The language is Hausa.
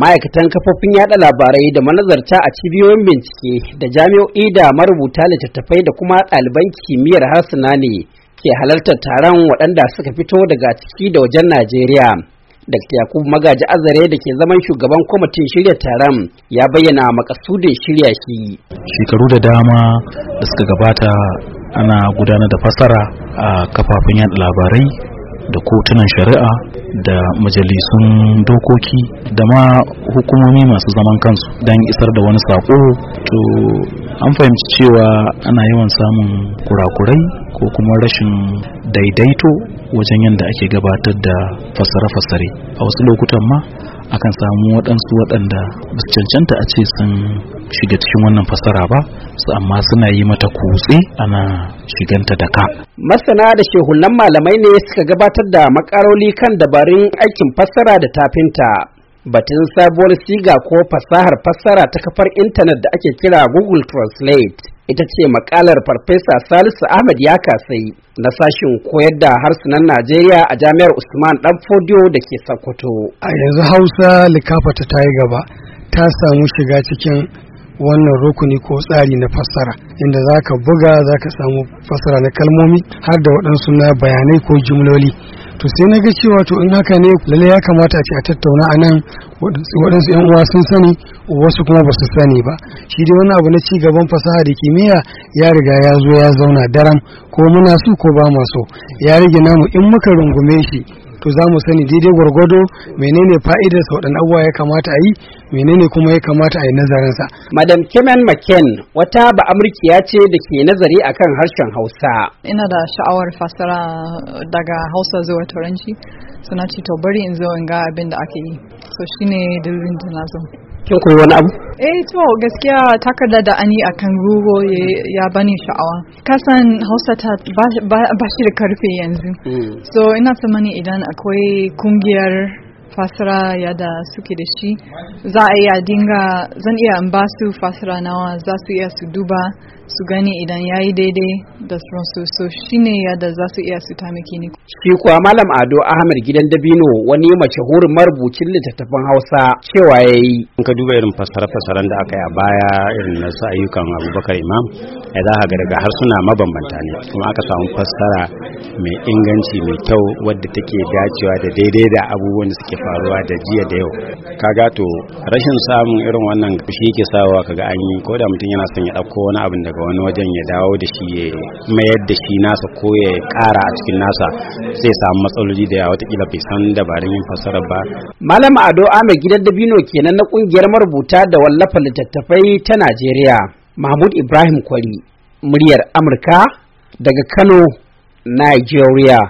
ma'aikatan kafofin yada labarai da manazarta a cibiyoyin bincike da jami'o'i da marubuta littattafai da kuma ɗaliban kimiyyar harsuna ne ke halartar taron waɗanda suka fito daga ciki da wajen najeriya dr yakubu magaji azare da ke zaman shugaban kwamitin shirya taron ya bayyana makasudin shirya shi shekaru da dama da suka gabata ana gudanar da fasara a kafafen yada labarai da kotunan shari'a da majalisun dokoki da ma hukumomi masu zaman kansu don isar da wani sako to an fahimci cewa ana yawan samun kurakurai ko kuma rashin daidaito wajen yadda ake gabatar da fasare-fasare a wasu lokutan ma akan samu waɗansu waɗanda cancanta a ce sun shiga cikin wannan fasara ba su amma suna yi mata kutse ana shiganta da ka masana da shehunan malamai ne suka gabatar da makaroli kan dabarun aikin fasara da tafinta batun sabuwar siga ko fasahar fasara ta kafar intanet da ake kira google translate ita ce makalar farfesa salisu ahmad ya kasai na sashin koyar da harsunan najeriya a jami'ar usman dan fodiyo da ke sokoto a yanzu hausa likafata ta yi gaba ta samu shiga cikin wannan rukuni ko tsari na fassara inda za ka buga za ka samu fassara na kalmomi har da waɗansu na bayanai ko jumloli to sai na ga cewa to in haka ne lalle ya kamata a ce a tattauna a nan waɗansu yan uwa sun sani wasu kuma ba su sani ba shi dai wani abu na ci gaban fasaha da kimiyya ya riga ya zo ya zauna daram ko muna so ko ba so ya rage namu in muka rungume shi to za mu sani daidai gwargwado menene fa'idar sa waɗanne abubuwa ya kamata a yi menene kuma ya kamata a yi nazarin sa madam kimen Maken wata ba amurkiya ce da ke nazari akan harshen hausa ina da sha'awar fasara daga hausa zuwa turanci suna ce to bari in zo in ga abin da ake yi so shine dalilin da na zo kin koyi wani abu eh to gaskiya takarda da ani akan ruho ya bani sha'awa kasan hausa ta ba shi da karfe yanzu hmm. so ina tsammani idan akwai kungiyar fasara yadda suke da shi za a iya dinga zan iya in ba su fasara nawa za su iya su duba su gani idan ya yi daidai da sauransu so shi ne yadda za su iya su tamaki ni. Shi kuwa Malam Ado Ahmed Gidan Dabino wani mace hurin marubucin littattafan Hausa cewa ya yi. In ka duba irin fasara fassaren da aka yi a baya irin na su ayyukan Abubakar Imam ya za ka daga harsuna mabambanta ne kuma aka samu fassara mai inganci mai kyau wadda take dacewa da daidai da abubuwan da suke faruwa da jiya da yau. Kaga to rashin samun irin wannan shi yake sawa kaga an yi ko da mutum yana son ya ɗauko wani abin daga daga wani wajen ya dawo da shi ya mayar da shi nasa ko ya kara a cikin nasa zai samu matsaloli da yawa kila bai san dabarun yin fassara ba. Malam Ado Ahmed gidan Dabino kenan na ƙungiyar marubuta da wallafa littattafai ta Najeriya. Mahmud Ibrahim Kwari, muryar Amurka daga Kano, Nigeria.